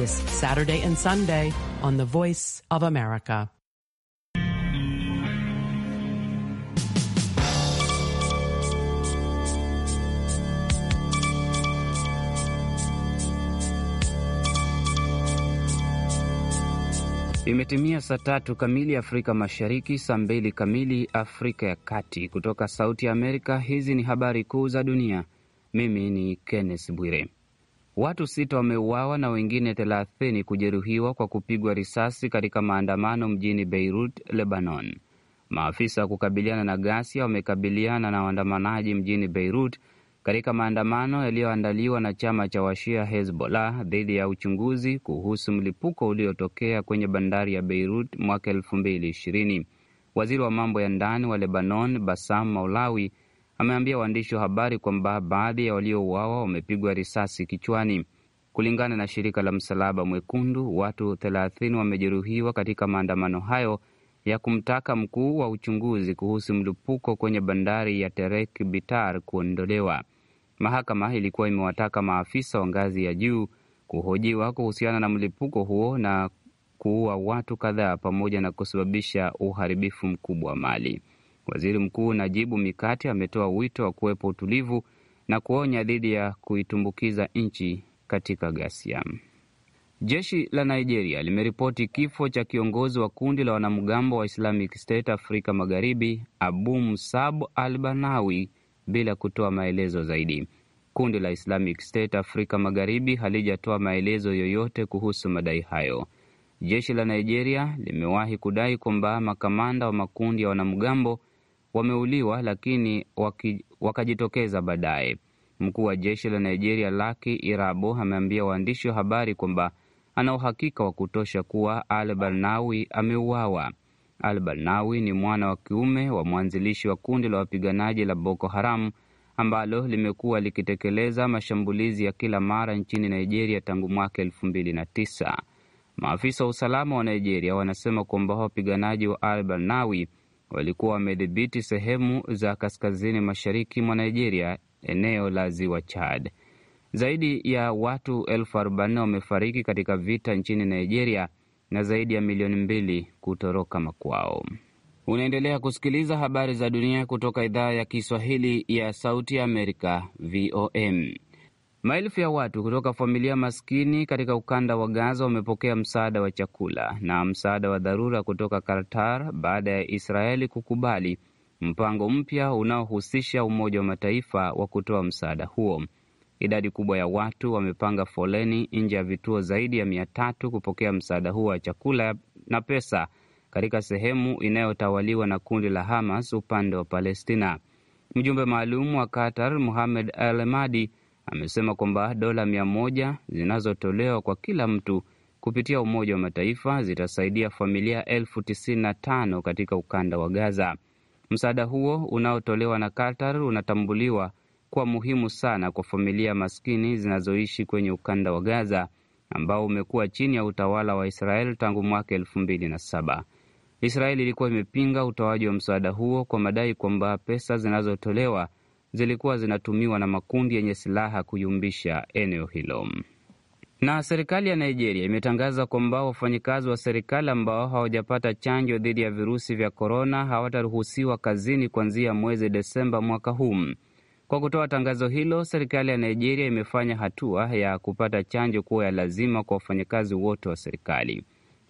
this Saturday and Sunday on The Voice of America. Imetimia saa tatu kamili Afrika Mashariki, saa mbili kamili Afrika ya Kati. Kutoka Sauti ya Amerika, hizi ni habari kuu za dunia. Mimi ni Kenneth Bwire. Watu sita wameuawa na wengine thelathini kujeruhiwa kwa kupigwa risasi katika maandamano mjini Beirut, Lebanon. Maafisa wa kukabiliana na ghasia wamekabiliana na waandamanaji mjini Beirut katika maandamano yaliyoandaliwa na chama cha washia Hezbollah dhidi ya uchunguzi kuhusu mlipuko uliotokea kwenye bandari ya Beirut mwaka elfu mbili ishirini. Waziri wa mambo ya ndani wa Lebanon Basam Maulawi ameambia waandishi wa habari kwamba baadhi ya waliouawa wamepigwa risasi kichwani. Kulingana na shirika la Msalaba Mwekundu, watu thelathini wamejeruhiwa katika maandamano hayo ya kumtaka mkuu wa uchunguzi kuhusu mlipuko kwenye bandari ya Terek Bitar kuondolewa. Mahakama ilikuwa imewataka maafisa wa ngazi ya juu kuhojiwa kuhusiana na mlipuko huo na kuua watu kadhaa pamoja na kusababisha uharibifu mkubwa wa mali. Waziri Mkuu Najibu mikati ametoa wito wa kuwepo utulivu na kuonya dhidi ya kuitumbukiza nchi katika ghasia. Jeshi la Nigeria limeripoti kifo cha kiongozi wa kundi la wanamgambo wa Islamic State Afrika Magharibi, Abu Musab al-Banawi bila kutoa maelezo zaidi. Kundi la Islamic State Afrika Magharibi halijatoa maelezo yoyote kuhusu madai hayo. Jeshi la Nigeria limewahi kudai kwamba makamanda wa makundi ya wanamgambo wameuliwa lakini waki, wakajitokeza baadaye. Mkuu wa jeshi la Nigeria Laki Irabo ameambia waandishi wa habari kwamba ana uhakika wa kutosha kuwa Al Barnawi ameuawa. Al Barnawi ni mwana wa kiume wa mwanzilishi wa kundi la wapiganaji la Boko Haram ambalo limekuwa likitekeleza mashambulizi ya kila mara nchini Nigeria tangu mwaka elfu mbili na tisa. Maafisa wa usalama wa Nigeria wanasema kwamba wapiganaji wa Al Barnawi walikuwa wamedhibiti sehemu za kaskazini mashariki mwa Nigeria, eneo la ziwa Chad. Zaidi ya watu elfu arobaini wamefariki katika vita nchini Nigeria na zaidi ya milioni mbili kutoroka makwao. Unaendelea kusikiliza habari za dunia kutoka idhaa ya Kiswahili ya Sauti ya Amerika, VOM. Maelfu ya watu kutoka familia maskini katika ukanda wa Gaza wamepokea msaada wa chakula na msaada wa dharura kutoka Qatar baada ya Israeli kukubali mpango mpya unaohusisha Umoja wa Mataifa wa kutoa msaada huo. Idadi kubwa ya watu wamepanga foleni nje ya vituo zaidi ya mia tatu kupokea msaada huo wa chakula na pesa katika sehemu inayotawaliwa na kundi la Hamas upande wa Palestina. Mjumbe maalum wa Qatar Muhamed Al Madi amesema kwamba dola mia moja zinazotolewa kwa kila mtu kupitia Umoja wa Mataifa zitasaidia familia elfu tisini na tano katika ukanda wa Gaza. Msaada huo unaotolewa na Qatar unatambuliwa kuwa muhimu sana kwa familia maskini zinazoishi kwenye ukanda wa Gaza ambao umekuwa chini ya utawala wa Israel tangu mwaka elfu mbili na saba. Israel ilikuwa imepinga utoaji wa msaada huo kwa madai kwamba pesa zinazotolewa zilikuwa zinatumiwa na makundi yenye silaha kuyumbisha eneo hilo. Na serikali ya Nigeria imetangaza kwamba wafanyikazi wa serikali ambao hawajapata chanjo dhidi ya virusi vya korona hawataruhusiwa kazini kuanzia mwezi Desemba mwaka huu. Kwa kutoa tangazo hilo, serikali ya Nigeria imefanya hatua ya kupata chanjo kuwa ya lazima kwa wafanyakazi wote wa serikali.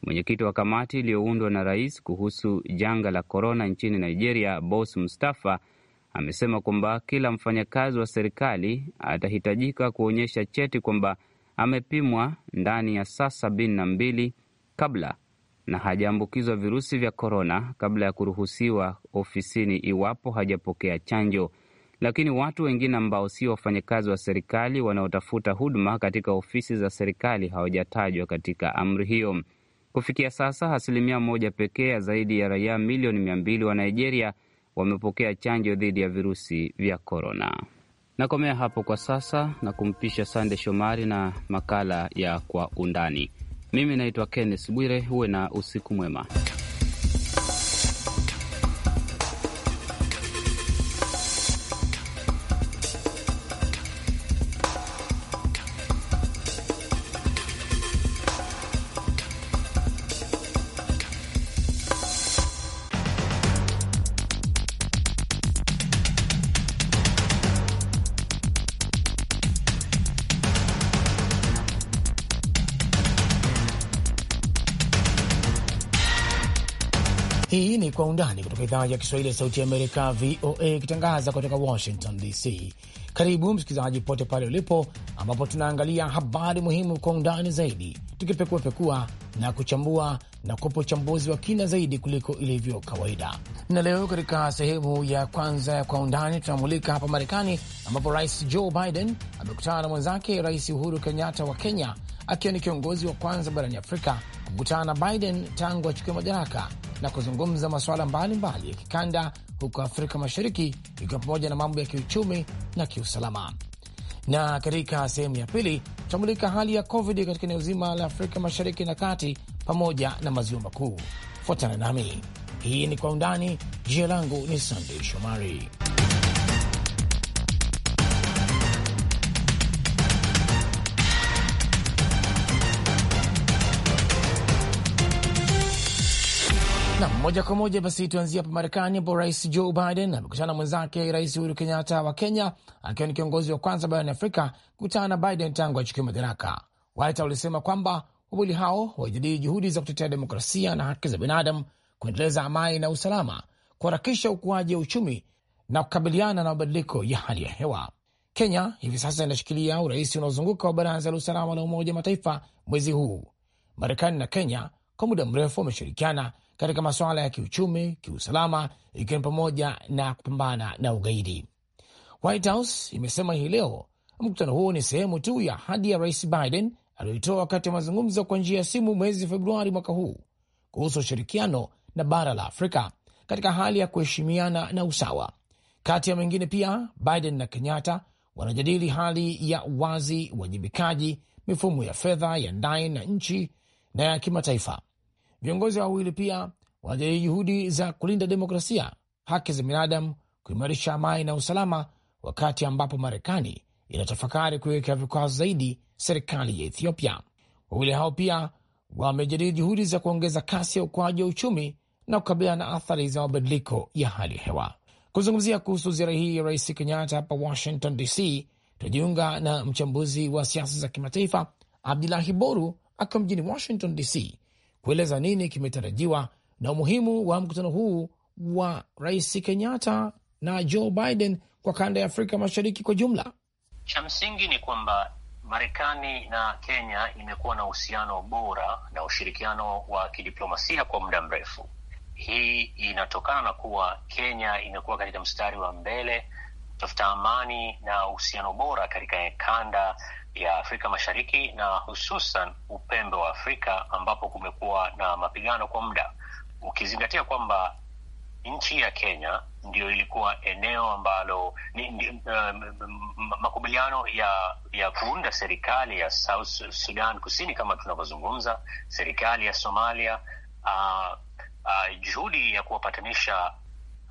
Mwenyekiti wa kamati iliyoundwa na rais kuhusu janga la korona nchini Nigeria, Boss Mustafa amesema kwamba kila mfanyakazi wa serikali atahitajika kuonyesha cheti kwamba amepimwa ndani ya saa sabini na mbili kabla na hajaambukizwa virusi vya korona kabla ya kuruhusiwa ofisini iwapo hajapokea chanjo. Lakini watu wengine ambao sio wafanyakazi wa serikali wanaotafuta huduma katika ofisi za serikali hawajatajwa katika amri hiyo. Kufikia sasa asilimia moja pekee ya zaidi ya raia milioni mia mbili wa Nigeria wamepokea chanjo dhidi ya virusi vya korona. Nakomea hapo kwa sasa na kumpisha Sande Shomari na makala ya Kwa Undani. Mimi naitwa Kenneth Bwire, huwe na usiku mwema. burudani kutoka idhaa ya Kiswahili ya Sauti ya Amerika, VOA, ikitangaza kutoka Washington DC. Karibu msikilizaji pote pale ulipo, ambapo tunaangalia habari muhimu kwa undani zaidi, tukipekuapekua na kuchambua na kupa uchambuzi wa kina zaidi kuliko ilivyo kawaida. Na leo katika sehemu ya kwanza ya kwa undani tunamulika hapa Marekani, ambapo Rais Joe Biden amekutana na mwenzake Rais Uhuru Kenyatta wa Kenya, akiwa ni kiongozi wa kwanza barani Afrika kukutana na Biden tangu achukue madaraka na kuzungumza masuala mbalimbali ya kikanda huko Afrika Mashariki, ikiwa pamoja na mambo ya kiuchumi na kiusalama. Na katika sehemu ya pili tutamulika hali ya COVID katika eneo zima la Afrika Mashariki na Kati pamoja na maziwa makuu. Fuatana nami, hii ni Kwa Undani. Jina langu ni Sandei Shomari. Na moja kwa moja basi tuanzie hapa Marekani, ambapo Rais Joe Biden amekutana mwenzake Rais Uhuru Kenyatta wa Kenya, akiwa ni kiongozi wa kwanza barani Afrika kukutana na Biden tangu achukue madaraka. White walisema kwamba wawili hao walijadili juhudi za kutetea demokrasia na haki za binadamu, kuendeleza amani na usalama, kuharakisha ukuaji wa uchumi na kukabiliana na mabadiliko ya hali ya hewa. Kenya hivi sasa inashikilia urais unaozunguka wa Baraza la Usalama la Umoja Mataifa mwezi huu. Marekani na Kenya kwa muda mrefu wameshirikiana katika masuala ya kiuchumi, kiusalama, ikiwa ni pamoja na kupambana na ugaidi. White House imesema hii leo mkutano huo ni sehemu tu ya ahadi ya Rais Biden aliyoitoa wakati wa mazungumzo kwa njia ya simu mwezi Februari mwaka huu kuhusu ushirikiano na bara la Afrika katika hali ya kuheshimiana na usawa. Kati ya mengine pia, Biden na Kenyatta wanajadili hali ya uwazi, uwajibikaji, mifumo ya fedha ya ndani na nchi na ya kimataifa, Viongozi wawili pia wanajadili juhudi za kulinda demokrasia, haki za binadamu, kuimarisha amani na usalama, wakati ambapo Marekani inatafakari kuwekea vikwazo zaidi serikali ya Ethiopia. Wawili hao pia wamejadili juhudi za kuongeza kasi ya ukuaji wa uchumi na kukabiliana na athari za mabadiliko ya hali ya hewa. Kuzungumzia kuhusu ziara hii ya Rais Kenyatta hapa Washington DC, tunajiunga na mchambuzi wa siasa za kimataifa Abdulahi Boru akiwa mjini Washington DC kueleza nini kimetarajiwa na umuhimu wa mkutano huu wa Rais Kenyatta na Joe Biden kwa kanda ya Afrika Mashariki kwa jumla. Cha msingi ni kwamba Marekani na Kenya imekuwa na uhusiano bora na ushirikiano wa kidiplomasia kwa muda mrefu. Hii inatokana na kuwa Kenya imekuwa katika mstari wa mbele kutafuta amani na uhusiano bora katika kanda ya Afrika Mashariki na hususan upembe wa Afrika ambapo kumekuwa na mapigano kwa muda, ukizingatia kwamba nchi ya Kenya ndiyo ilikuwa eneo ambalo um, makubaliano ya ya kuunda serikali ya South Sudan Kusini kama tunavyozungumza, serikali ya Somalia, uh, uh, juhudi ya kuwapatanisha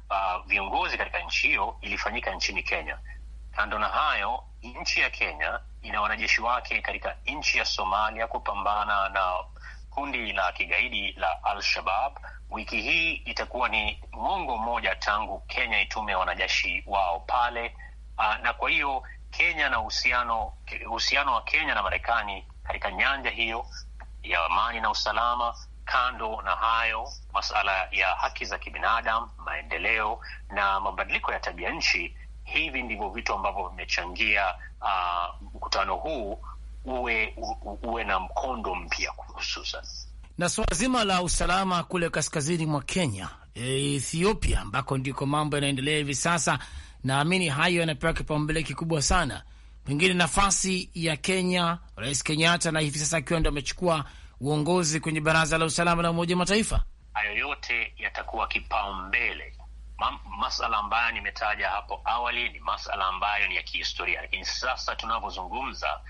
uh, viongozi katika nchi hiyo ilifanyika nchini Kenya. Kando na hayo, nchi ya Kenya ina wanajeshi wake katika nchi ya Somalia kupambana na kundi la kigaidi la Al-Shabab. Wiki hii itakuwa ni mwongo mmoja tangu Kenya itume wanajeshi wao pale. Ah, na kwa hiyo Kenya na uhusiano uhusiano wa Kenya na Marekani katika nyanja hiyo ya amani na usalama. Kando na hayo, masala ya haki za kibinadamu, maendeleo na mabadiliko ya tabia nchi Hivi ndivyo vitu ambavyo vimechangia uh, mkutano huu uwe uwe na mkondo mpya hususan na suala zima la usalama kule kaskazini mwa Kenya, e, Ethiopia, ambako ndiko mambo yanaendelea hivi sasa. Naamini hayo yanapewa kipaumbele kikubwa sana, pengine nafasi ya Kenya, Rais Kenyatta na hivi sasa akiwa ndo amechukua uongozi kwenye Baraza la Usalama la Umoja wa Mataifa. Hayo yote yatakuwa kipaumbele masala ambayo nimetaja hapo awali ni masala ambayo ni ya kihistoria, lakini sasa tunavyozungumza,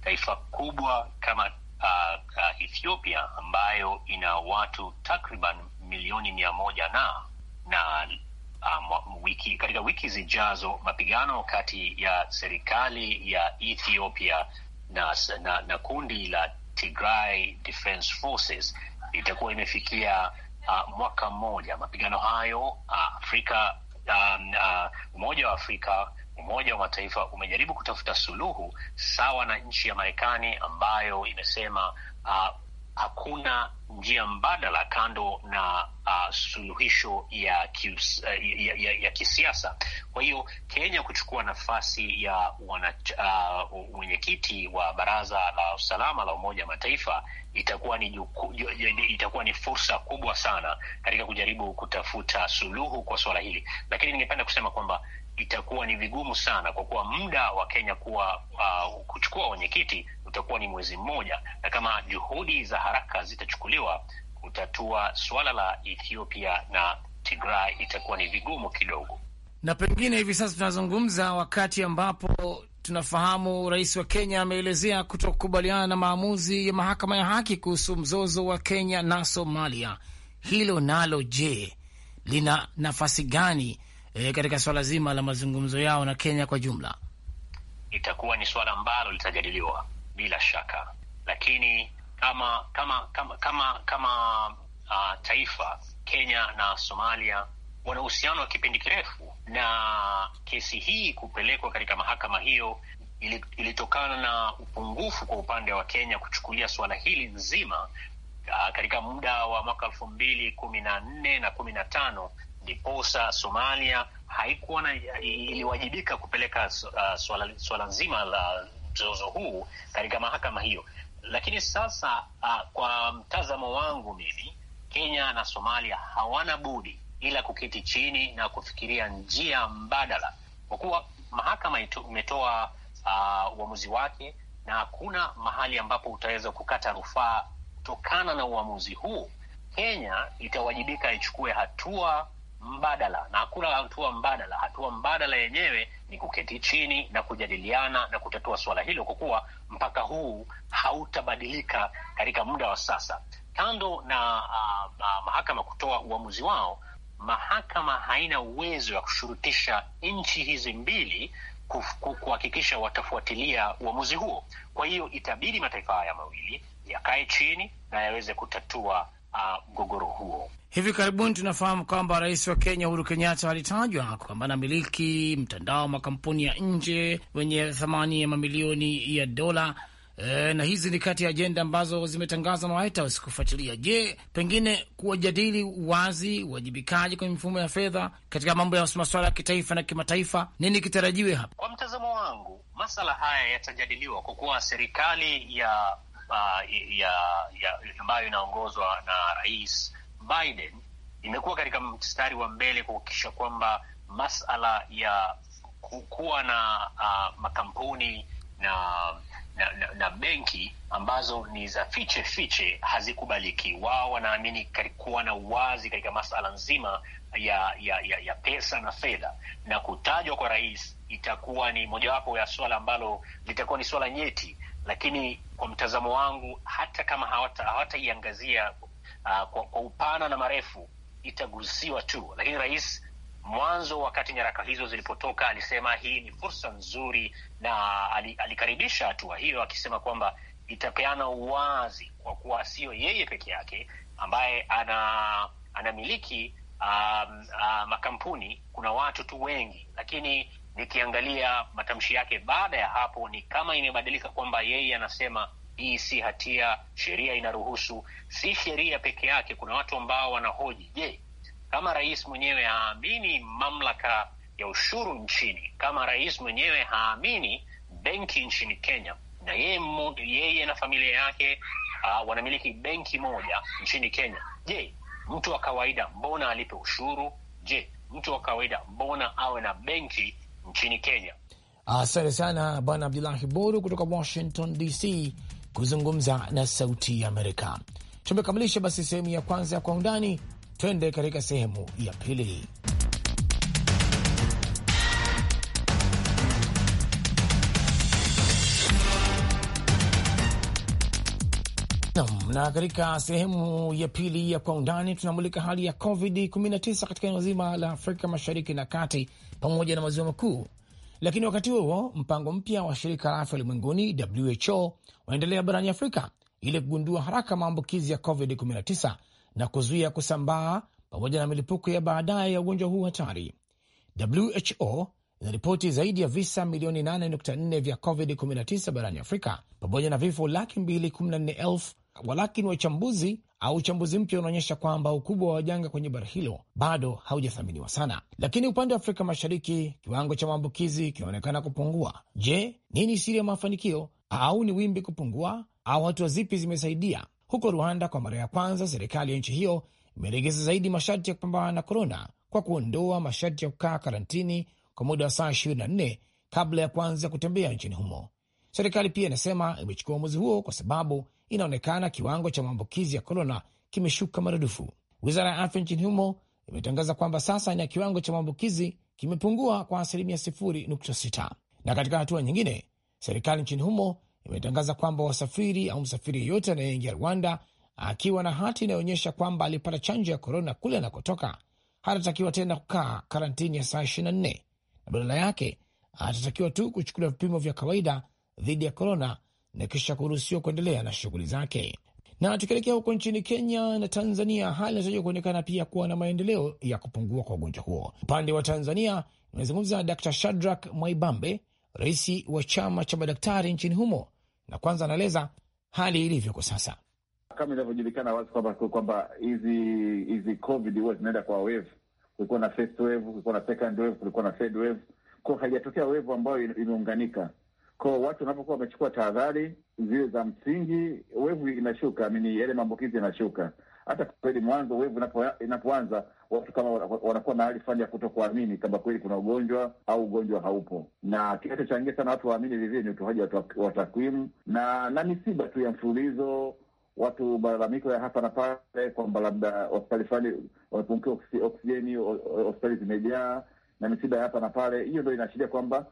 taifa kubwa kama uh, uh, Ethiopia ambayo ina watu takriban milioni mia moja na na um, wiki, katika wiki zijazo mapigano kati ya serikali ya Ethiopia na, na, na kundi la Tigray Defense Forces itakuwa imefikia uh, mwaka mmoja mapigano hayo uh, Afrika um, uh, Umoja wa Afrika Umoja wa Mataifa umejaribu kutafuta suluhu sawa na nchi ya Marekani ambayo imesema uh, hakuna njia mbadala kando na uh, suluhisho ya, kius, eh, ya, ya, ya kisiasa. Kwa hiyo Kenya kuchukua nafasi ya eh, mwenyekiti uh, wa baraza la usalama la Umoja wa Mataifa itakuwa ni, juku, itakuwa ni fursa kubwa sana katika kujaribu kutafuta suluhu kwa suala hili, lakini ningependa kusema kwamba itakuwa ni vigumu sana kwa kuwa muda wa Kenya kuwa uh, kuchukua wenyekiti utakuwa ni mwezi mmoja, na kama juhudi za haraka zitachukuliwa kutatua suala la Ethiopia na Tigray itakuwa ni vigumu kidogo. Na pengine hivi sasa tunazungumza wakati ambapo tunafahamu rais wa Kenya ameelezea kutokubaliana na maamuzi ya mahakama ya haki kuhusu mzozo wa Kenya na Somalia. Hilo nalo je, lina nafasi gani e, katika swala zima la mazungumzo yao na Kenya kwa jumla? Itakuwa ni swala ambalo litajadiliwa bila shaka, lakini kama kama kama kama, kama uh, taifa Kenya na Somalia wana uhusiano wa kipindi kirefu, na kesi hii kupelekwa katika mahakama hiyo ilitokana na upungufu kwa upande wa Kenya kuchukulia suala hili nzima uh, katika muda wa mwaka elfu mbili kumi na nne na kumi na tano ndiposa Somalia haikuwa na iliwajibika kupeleka uh, suala, suala nzima la mzozo huu katika mahakama hiyo, lakini sasa uh, kwa mtazamo wangu mimi, Kenya na Somalia hawana budi ila kuketi chini na kufikiria njia mbadala, kwa kuwa mahakama imetoa uh, uamuzi wake na hakuna mahali ambapo utaweza kukata rufaa kutokana na uamuzi huu. Kenya itawajibika ichukue hatua mbadala, na hakuna hatua mbadala. Hatua mbadala yenyewe ni kuketi chini na kujadiliana na kutatua suala hilo, kwa kuwa mpaka huu hautabadilika katika muda wa sasa. Kando na uh, uh, mahakama kutoa uamuzi wao, mahakama haina uwezo wa kushurutisha nchi hizi mbili kuhakikisha watafuatilia uamuzi huo. Kwa hiyo itabidi mataifa haya mawili yakae chini na yaweze kutatua ah, mgogoro uh, huo. Hivi karibuni tunafahamu kwamba rais wa Kenya Uhuru Kenyatta alitajwa kwamba anamiliki mtandao wa makampuni ya nje wenye thamani ya mamilioni ya dola. E, na hizi ni kati ya ajenda ambazo zimetangazwa na White House kufuatilia. Je, pengine kuwajadili uwazi, uwajibikaji kwenye mifumo ya fedha katika mambo ya masuala ya kitaifa na kimataifa, nini kitarajiwe hapa? Kwa mtazamo wangu, masala haya yatajadiliwa kwa kuwa serikali ya ambayo uh, ya, ya, ya, inaongozwa na rais Biden imekuwa katika mstari wa mbele kuhakikisha kwamba masala ya kuwa na uh, makampuni na na, na na benki ambazo ni za fiche fiche hazikubaliki. Wao wanaamini kuwa na uwazi katika masala nzima ya, ya, ya, ya pesa na fedha, na kutajwa kwa rais itakuwa ni mojawapo ya swala ambalo litakuwa ni swala nyeti, lakini kwa mtazamo wangu hata kama hawataiangazia hawata uh, kwa, kwa upana na marefu itagusiwa tu, lakini rais mwanzo wakati nyaraka hizo zilipotoka alisema hii ni fursa nzuri, na alikaribisha hatua hiyo akisema kwamba itapeana uwazi kwa kuwa sio yeye peke yake ambaye ana anamiliki um, uh, makampuni. Kuna watu tu wengi, lakini nikiangalia matamshi yake baada ya hapo ni kama imebadilika kwamba yeye anasema hii si hatia, sheria inaruhusu. Si sheria peke yake, kuna watu ambao wanahoji, je, kama rais mwenyewe haamini mamlaka ya ushuru nchini, kama rais mwenyewe haamini benki nchini Kenya, na yeye, yeye na familia yake uh, wanamiliki benki moja nchini Kenya, je, mtu wa kawaida mbona alipe ushuru? Je, mtu wa kawaida mbona awe na benki nchini Kenya? Asante sana Bwana Abdulahi Boru kutoka Washington DC kuzungumza na Sauti ya Amerika. Tumekamilisha basi sehemu ya kwanza ya Kwa Undani. Twende katika sehemu ya pili. Na katika sehemu ya pili ya kwa undani tunamulika hali ya COVID-19 katika eneo zima la Afrika Mashariki na Kati pamoja na maziwa makuu, lakini wakati huo mpango mpya wa shirika la afya ulimwenguni WHO unaendelea barani Afrika ili kugundua haraka maambukizi ya COVID-19 na kuzuia kusambaa pamoja na milipuko ya baadaye ya ugonjwa huu hatari. WHO inaripoti zaidi ya visa milioni 8.4 vya COVID-19 barani Afrika pamoja na vifo laki mbili elfu, walakini wachambuzi au uchambuzi mpya unaonyesha kwamba ukubwa wa janga kwenye bara hilo bado haujathaminiwa sana. Lakini upande wa Afrika Mashariki kiwango cha maambukizi kinaonekana kupungua. Je, nini siri ya mafanikio? Au ni wimbi kupungua, au hatua zipi zimesaidia? Huko Rwanda, kwa mara ya kwanza, serikali ya nchi hiyo imelegeza zaidi masharti ya kupambana na korona kwa kuondoa masharti ya kukaa karantini kwa muda wa saa 24 kabla ya kuanza kutembea nchini humo. Serikali pia inasema imechukua uamuzi huo kwa sababu inaonekana kiwango cha maambukizi ya korona kimeshuka maradufu. Wizara ya afya nchini humo imetangaza kwamba sasa na kiwango cha maambukizi kimepungua kwa asilimia s6 Na katika hatua nyingine, serikali nchini humo imetangaza kwamba wasafiri au msafiri yeyote anayeingia Rwanda akiwa na hati inayoonyesha kwamba alipata chanjo ya korona kule anakotoka hatatakiwa tena kukaa karantini ya saa 24 na badala yake atatakiwa tu kuchukuliwa vipimo vya kawaida dhidi ya korona na kisha kuruhusiwa kuendelea na shughuli zake. Na tukielekea huko nchini Kenya na Tanzania, hali inatarajiwa kuonekana pia kuwa na maendeleo ya kupungua kwa ugonjwa huo. Upande wa Tanzania, nimezungumza na Dr Shadrack Mwaibambe, rais wa chama cha madaktari nchini humo, na kwanza anaeleza hali ilivyo kwa sasa. Kama inavyojulikana wazi kwamba kwamba hizi hizi covid huwa zinaenda kwa wave. Kulikuwa na first wave, kulikuwa na second wave, kulikuwa na third wave, kwa haijatokea wave ambayo imeunganika. Kwa watu wanapokuwa wamechukua tahadhari zile za msingi, wevu inashuka, amini yale maambukizi yanashuka. Hata kweli mwanzo wevu inapoanza, watu kama wanakuwa na hali fani ya kutokuamini kama kweli kuna ugonjwa au ugonjwa haupo, na kinachochangia sana watu waamini vivie ni utoaji wa takwimu na na misiba tu ya mfululizo watu malalamiko ya hapa na pale kwamba labda hospitali fani wamepungukiwa oksijeni, hospitali zimejaa na misiba ya hapa na pale. Hiyo ndo inaashiria kwamba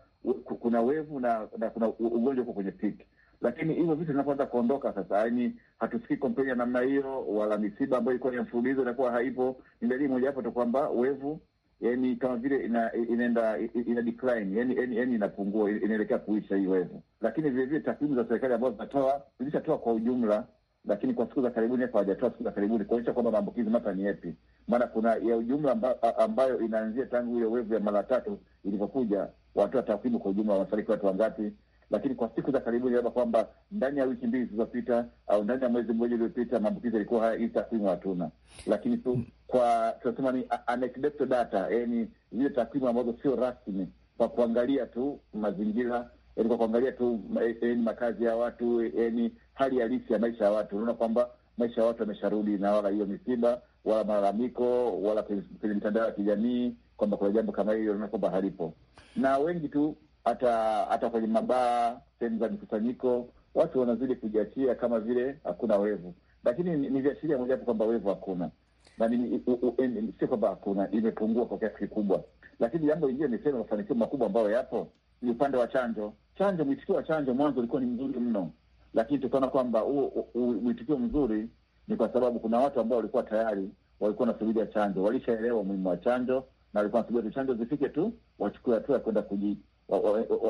kuna wevu na, na kuna ugonjwa uko kwenye tiki. Lakini hivyo vitu vinapoanza kuondoka sasa, yaani hatusikii kompeni ya namna hiyo, wala misiba ambayo ilikuwa ya mfululizo inakuwa haipo. Ni dalili mojawapo tu kwamba wevu yani kama vile ina, inaenda ina decline yani, yani, yani inapungua, inaelekea kuisha hii wevu. Lakini vilevile takwimu za serikali ambazo zinatoa zilishatoa kwa ujumla, lakini kwa siku za karibuni hapa hawajatoa siku za karibuni kuonyesha kwamba maambukizi mapya ni yapi. Maana kuna ya ujumla ambayo, ambayo inaanzia tangu hiyo wevu ya mara tatu ilivyokuja watoa takwimu kwa ujumla wamefariki watu wangapi, lakini kwa siku za karibuni, labda kwamba ndani ya wiki mbili zilizopita au ndani ya mwezi mmoja uliopita, maambukizi yalikuwa haya, hii takwimu hatuna, lakini tu kwa tunasema ni anecdotal data, eh, zile takwimu ambazo sio rasmi, kwa kuangalia tu mazingira yani eh, kwa kuangalia tu yaani makazi ya watu, yani hali halisi ya maisha ya watu, unaona kwamba maisha ya watu yamesharudi, na wala hiyo misiba wala malalamiko wala kwenye mitandao ya kijamii kwamba kuna jambo kama hilo, naona kwamba halipo, na wengi tu hata hata kwenye mabaa, sehemu za mikusanyiko, watu wanazidi kujiachia kama vile hakuna wevu, lakini ni viashiria mojawapo kwamba wevu hakuna, na sio kwamba hakuna, imepungua kwa kiasi kikubwa. Lakini jambo lingine niseme, mafanikio makubwa ambayo yapo ni upande wa chanjo. Chanjo, mwitikio wa chanjo mwanzo ulikuwa ni mzuri mno, lakini tukaona kwamba huo mwitikio mzuri ni kwa sababu kuna watu ambao walikuwa tayari walikuwa wanasubiria chanjo, walishaelewa umuhimu wa chanjo na walikuwa responsibility chanjo zifike tu, wachukue hatua ya kwenda kuji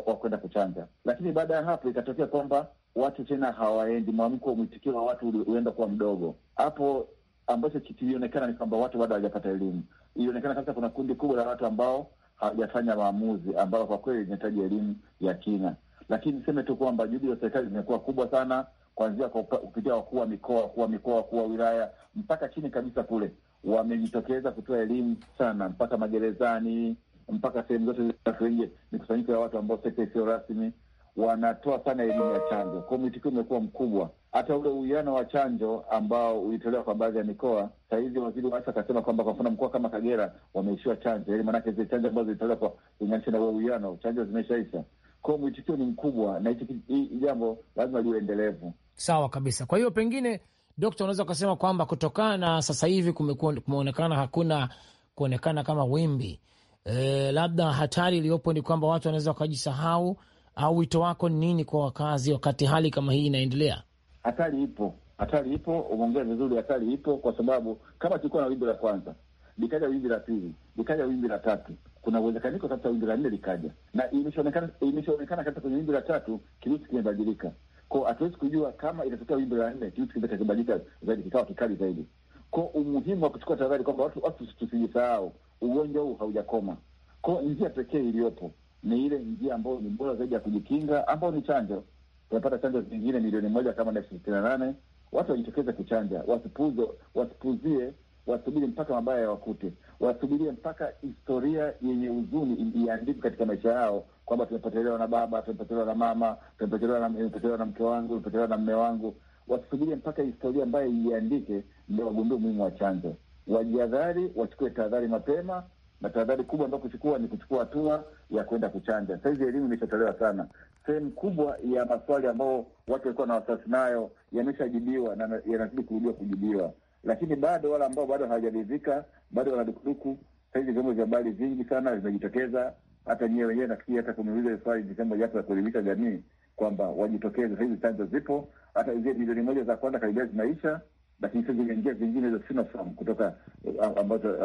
wakwenda kuchanja. Lakini baada ya hapo ikatokea kwamba watu tena hawaendi, mwamko mwitikio wa watu huenda kuwa mdogo. Hapo ambacho kilionekana ni kwamba watu bado hawajapata elimu, ilionekana kabisa kuna kundi kubwa la watu ambao hawajafanya maamuzi, ambao kwa kweli linahitaji elimu ya kina. Lakini niseme tu kwamba juhudi za serikali zimekuwa kubwa sana, kuanzia kupitia wakuu wa mikoa, wakuu wa mikoa, wakuu wa wilaya mpaka chini kabisa kule wamejitokeza kutoa elimu sana mpaka magerezani mpaka sehemu zote zile, mikusanyiko ya watu ambao sekta isiyo rasmi wanatoa sana elimu ya chanjo. Kwa mwitikio umekuwa mkubwa, hata ule uwiano wa chanjo ambao ulitolewa kwa baadhi ya mikoa. Sahizi waziri wa afya akasema kwamba kwa mfano mkoa kama Kagera wameishiwa chanjo, yaani maanake zile chanjo ambazo zilitolewa kwa kulinganisha na uwiano, chanjo zimeshaisha. Kwao mwitikio ni mkubwa, na hichi jambo lazima liwe endelevu. Sawa kabisa. Kwa hiyo pengine Dokta, unaweza ukasema kwamba kutokana na sasa hivi kumeonekana hakuna kuonekana kama wimbi e, labda hatari iliyopo ni kwamba watu wanaweza wakajisahau, au wito wako ni nini kwa wakazi wakati hali kama hii inaendelea? Hatari ipo, hatari ipo, umeongea vizuri, hatari ipo, kwa sababu kama tulikuwa na wimbi la kwanza likaja wimbi la pili likaja wimbi la tatu, kuna uwezekaniko sasa wimbi la nne likaja, na imeshaonekana katika kwenye wimbi la tatu, kirusi kimebadilika kwao, hatuwezi kujua kama itatokea wimbi la nne, kitu kitahitajika zaidi, kikawa kikali zaidi. Kwao umuhimu wa kuchukua tahadhari kwamba watu, watu tusijisahau, ugonjwa huu haujakoma. Kwao njia pekee iliyopo ni ile njia ambayo ni bora zaidi ya kujikinga, ambayo ni chanjo. Tunapata chanjo zingine milioni moja kama elfu sitini na nane. Watu wajitokeze kuchanja, wasipuzo wasipuzie, wasubiri mpaka mabaya ya wakute, wasubirie mpaka historia yenye huzuni iandikwe katika maisha yao kwamba tumepotelewa na baba, tumepotelewa na mama, tumepotelewa na mke wangu, tumepotelewa na mme wangu. Wasisubirie mpaka historia ambayo iandike ndio wagundue umuhimu wa chanjo. Wajihadhari, wachukue tahadhari mapema, na tahadhari kubwa ambayo kuchukua ni kuchukua hatua ya kwenda kuchanja. Sahizi elimu imeshatolewa sana, sehemu kubwa ya maswali ambayo watu walikuwa na wasiwasi nayo yameshajibiwa na yanazidi kurudiwa kujibiwa, lakini bado wale ambao bado hawajaridhika, bado wanadukuduku. Sahizi vyombo vya habari vingi sana vimejitokeza hata nyewe wenyewe nafikiri hata kuniuliza swali ni jambo japo ya kuelimisha jamii kwamba wajitokeze. Sasa hizi chanjo zipo, hata zile milioni moja za kwanza karibia zinaisha, lakini sasa zimeingia zingine za Sinopharm kutoka ambazo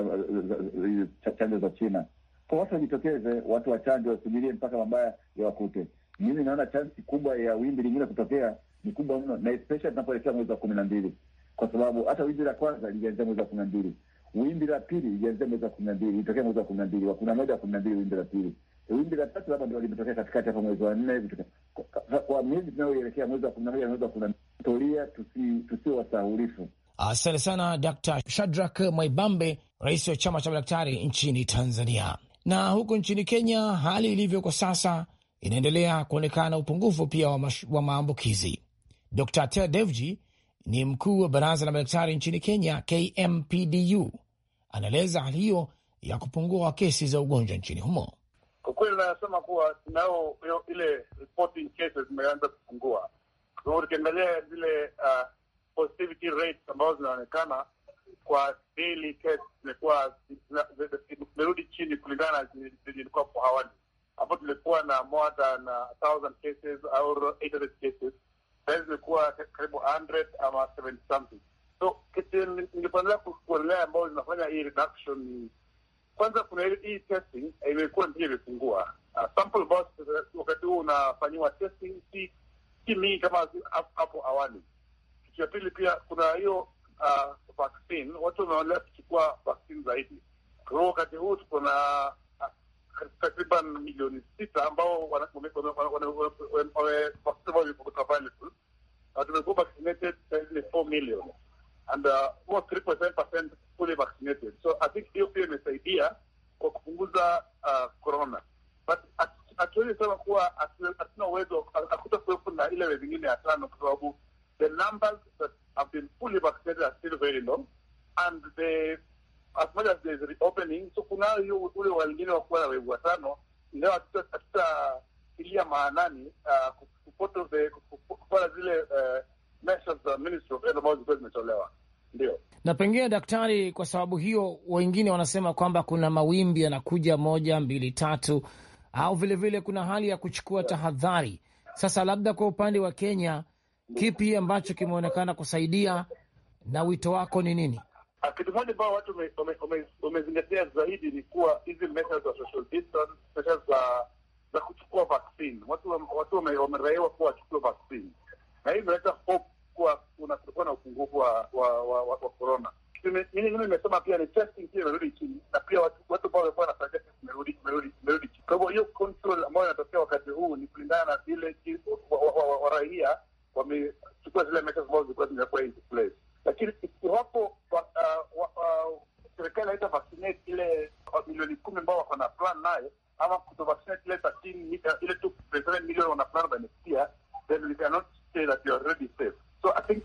chanjo za China. Kwa watu wajitokeze, watu wa chanjo wasubirie mpaka mabaya ya wakute. Mimi naona chansi kubwa ya wimbi lingine kutokea ni kubwa mno, na especially tunapoelekea mwezi wa kumi na mbili, kwa sababu hata wimbi la kwanza lilianzia mwezi wa kumi na mbili wimbi la pili ilianzia mwezi wa kumi na mbili ilitokea mwezi wa kumi na mbili wa kumi na moja wa kumi na mbili wimbi la pili wimbi la tatu labda ndio limetokea katikati hapa mwezi wa nne kwa miezi tunayoelekea mwezi wa kumi na moja na mwezi wa kumi na mbili historia tusi wasahulifu asante sana dkt shadrak mwaibambe rais wa chama cha madaktari nchini tanzania na huko nchini kenya hali ilivyo kwa sasa inaendelea kuonekana upungufu pia wa, wa maambukizi dkt tedevji ni mkuu wa baraza la madaktari nchini kenya kmpdu anaeleza hali hiyo ya kupungua kesi za ugonjwa nchini humo. Kwa kweli nasema kuwa nao ile reporting cases zimeanza kupungua, ukiangalia tukiangalia zile uh, positivity rates ambazo zinaonekana kwa daily case zimekuwa zimerudi chini kulingana na zenye ilikuwa hapo awali. Hapo tulikuwa na more than uh, thousand cases au uh, cases, zimekuwa karibu ama something So kitu ningependelea kuelelea ambayo zinafanya hii reduction kwanza, kuna hii testing imekuwa ndio imepungua. Sample ambayo wakati huu unafanyiwa testing si si mingi kama hapo awali. Kitu ya pili pia kuna hiyo vaccine, watu wameonelea kuchukua vaccine zaidi. Kwa hiyo wakati huu tuko na takriban milioni sita ambao wamekuwa vaccinated four million and uh, almost 3.5% fully vaccinated. So I think hiyo pia imesaidia kwa kupunguza uh, corona, but hatuwezi sema kuwa hatuna uwezo, hakutakuwepo na ile wezi ingine ya tano, kwa sababu the numbers that have been fully vaccinated are still very low and the as much as there is reopening, so kunayo ule wengine wa kuwa na wezi watano, ingawa ilia maanani kupoto uh, kupoto zile uh, measures za Ministry of Health ambazo zilikuwa zimetolewa, ndio na pengine daktari, kwa sababu hiyo wengine wanasema kwamba kuna mawimbi yanakuja moja mbili tatu, au vilevile vile kuna hali ya kuchukua tahadhari. Sasa labda kwa upande wa Kenya, kipi ambacho kimeonekana kusaidia na wito wako ni nini? Ah, kitu moja ambao watu wamezingatia zaidi ni kuwa hizi measures za social distance, measures za za kuchukua vaccine, watu wameraiwa kuwa wachukue vaccine na hii inaleta hope kuwa kutokuwa na upungufu wa korona. Mimi nimesema pia ni testing pia imerudi chini, na pia watu watu ambao walikuwa wanafanya testing imerudi imerudi imerudi chini. Kwa hivyo hiyo control ambayo inatokea wakati huu ni kulingana na zile waraia wamechukua zile measures ambazo zilikuwa zimekuwa in place, lakini iwapo uh, uh, serikali haita vaccinate ile milioni kumi ambao wako na plan nayo ama kutopatia ile thirteen eh, ile two percent million wanapana wamesikia, then we cannot say that you are already safe. So I think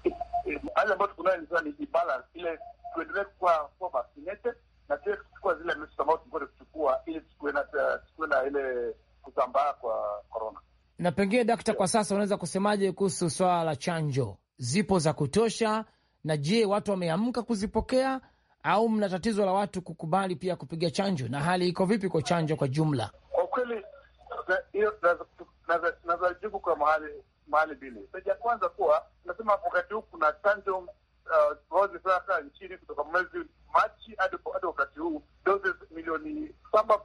hali ambayo tukunayo ni sana ni balance ile, tuendelee kuwa kuwa vaccinated na tuwe tukichukua zile measures ambazo tulikuwa tukichukua ili tukuwe na eh, tukuwe na ile kutambaa kwa corona. Na pengine dakta, kwa sasa unaweza kusemaje kuhusu swala la chanjo? Zipo za kutosha, na je, watu wameamka kuzipokea au mna tatizo la watu kukubali pia kupiga chanjo, na hali iko vipi kwa chanjo kwa jumla? Kwa kweli hiyo nazajibu kwa mahali mahali mbili. saja ya kwanza kuwa nasema wakati huu kuna chanjo uh, nchini kutoka mwezi Machi hadi wakati huu doses milioni saba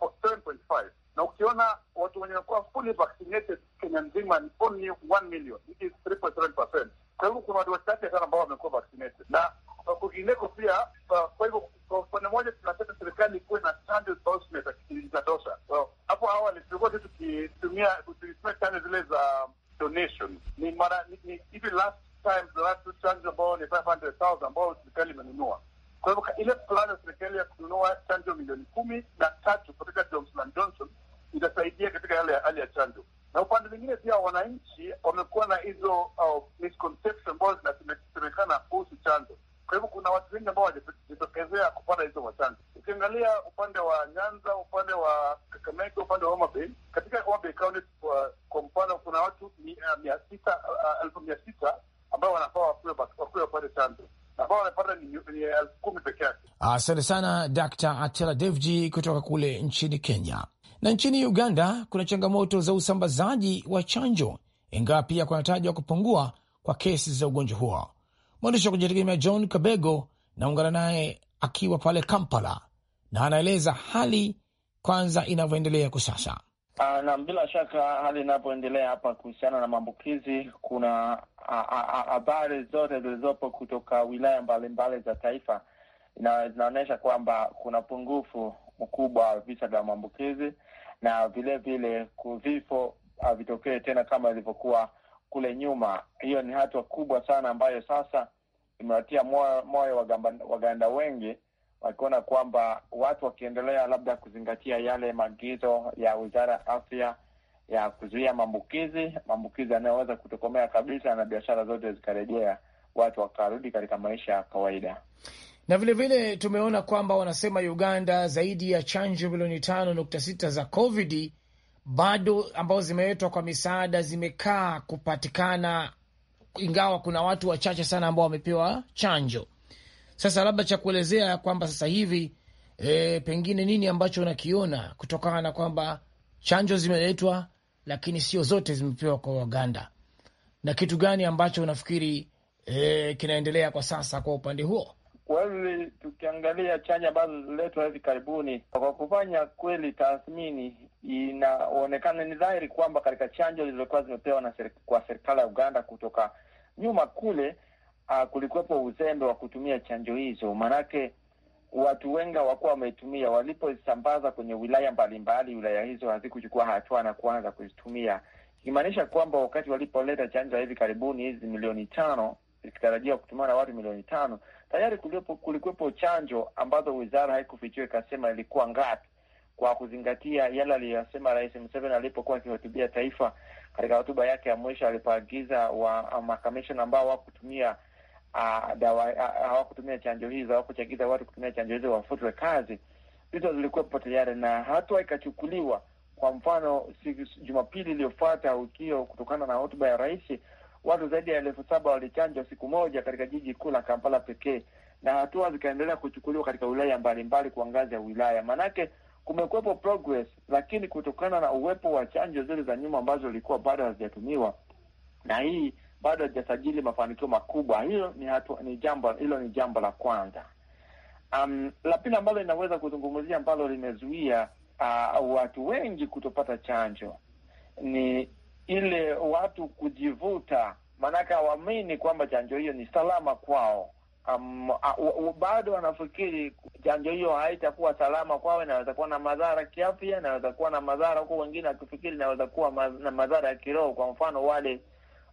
na ukiona watu wenye wanakuwa fully vaccinated Kenya nzima ni only one million, which is 3.7%. Kwa hivyo kuna watu wachache sana ambao wamekuwa vaccinated na kwingineko pia. Uh, kwa hivyo kwa upande mmoja tunataka serikali ikuwe na chanjo zinatosha. Hapo awali tulikuwa tu tukitumia chanjo zile za um, donation, ni mara hivi last time, the last chanjo ambao ni 500,000 ambao serikali imenunua kwa hivyo ile plani ya serikali ya kununua chanjo milioni kumi na tatu Asante sana Dr. Atela Devji kutoka kule nchini Kenya. Na nchini Uganda kuna changamoto za usambazaji wa chanjo, ingawa pia kunatajwa kupungua kwa kesi za ugonjwa huo. Mwandishi wa kujitegemea John Kabego naungana naye akiwa pale Kampala na anaeleza hali kwanza inavyoendelea kwa sasa. Uh, bila shaka hali inavyoendelea hapa kuhusiana na maambukizi, kuna ah, ah, habari zote zilizopo kutoka wilaya mbalimbali mbali za taifa zinaonyesha kwamba kuna upungufu mkubwa wa visa vya maambukizi na vilevile vifo havitokee tena kama ilivyokuwa kule nyuma. Hiyo ni hatua kubwa sana ambayo sasa imewatia moyo, moyo wagamba, Waganda wengi wakiona kwamba watu wakiendelea labda kuzingatia yale maagizo ya Wizara ya Afya ya kuzuia maambukizi, maambukizi yanayoweza kutokomea kabisa na biashara zote zikarejea, watu wakarudi katika maisha ya kawaida na vilevile vile tumeona kwamba wanasema Uganda zaidi ya chanjo milioni tano nukta sita za COVID bado ambazo zimeletwa kwa misaada zimekaa kupatikana, ingawa kuna watu wachache sana ambao wamepewa chanjo. Sasa labda cha kuelezea kwamba sasa hivi e, pengine nini ambacho unakiona kutokana na kwamba chanjo zimeletwa lakini sio zote zimepewa kwa Waganda, na kitu gani ambacho unafikiri e, kinaendelea kwa sasa kwa upande huo? Kwa hivi tukiangalia chanja ambazo zililetwa hivi karibuni, kwa kufanya kweli tathmini, inaonekana ni dhahiri kwamba katika chanjo zilizokuwa zimepewa na kwa serikali ya Uganda kutoka nyuma kule, uh, kulikuwepo uzembe wa kutumia chanjo hizo, maanake watu wengi hawakuwa wametumia. Waliposambaza kwenye wilaya mbalimbali, wilaya hizo hazikuchukua hatua na kuanza kuzitumia, ikimaanisha kwamba wakati walipoleta chanjo za hivi karibuni hizi milioni tano zikitarajiwa kutumiwa na watu milioni tano Tayari kulikuwepo chanjo ambazo wizara haikufichua ikasema ilikuwa ngapi, kwa kuzingatia yale aliyosema Rais Museveni alipokuwa akihutubia taifa katika hotuba yake ya mwisho alipoagiza wa uh, makamishna ambao hawakutumia uh, dawa uh, hawakutumia uh, chanjo hizo, hawakuchagiza watu kutumia chanjo hizo wafutwe kazi. Hizo zilikuwepo tayari na hatua ikachukuliwa. Kwa mfano, siku Jumapili iliyofuata ukio, kutokana na hotuba ya rais, watu zaidi ya elfu saba walichanjwa siku moja katika jiji kuu la Kampala pekee, na hatua zikaendelea kuchukuliwa katika wilaya mbalimbali kwa ngazi ya wilaya. Maanake kumekuwepo progress, lakini kutokana na uwepo wa chanjo zile za nyuma ambazo ilikuwa bado hazijatumiwa na hii bado hajasajili mafanikio makubwa. Hiyo ni hatua, ni jambo hilo ni jambo la kwanza. Um, la pili ambalo inaweza kuzungumzia ambalo limezuia uh, watu wengi kutopata chanjo ni ile watu kujivuta, maanake hawaamini kwamba chanjo hiyo ni salama kwao. Um, bado wanafikiri chanjo hiyo haitakuwa salama kwao, inaweza kuwa na madhara kiafya, inaweza kuwa na madhara huku, wengine wakifikiri inaweza kuwa ma na madhara ya kiroho. Kwa mfano wale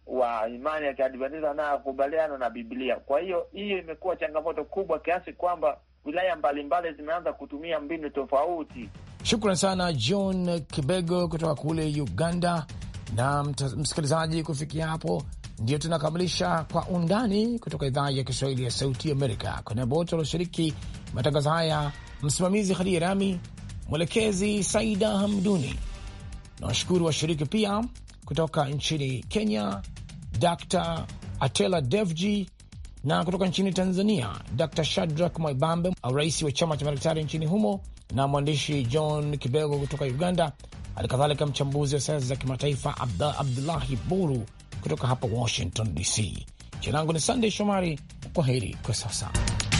wa imani ya Kiadventista wanayokubaliana na Biblia. Kwa hiyo hiyo imekuwa changamoto kubwa kiasi kwamba wilaya mbalimbali zimeanza kutumia mbinu tofauti. Shukran sana John Kibego kutoka kule Uganda. Na msikilizaji, kufikia hapo ndio tunakamilisha Kwa Undani kutoka idhaa ya Kiswahili ya Sauti Amerika. Kwa niaba wote walioshiriki matangazo haya, msimamizi Hadija Rami, mwelekezi Saida Hamduni na washukuru washiriki pia kutoka nchini Kenya, Dr Atela Devji, na kutoka nchini Tanzania, Dr Shadrak Mwaibambe, rais wa chama cha madaktari nchini humo, na mwandishi John Kibego kutoka Uganda halikadhalika mchambuzi wa siasa za kimataifa Abdullahi Boru kutoka hapa Washington DC. Jina langu ni Sandey Shomari. Kwa heri kwa sasa.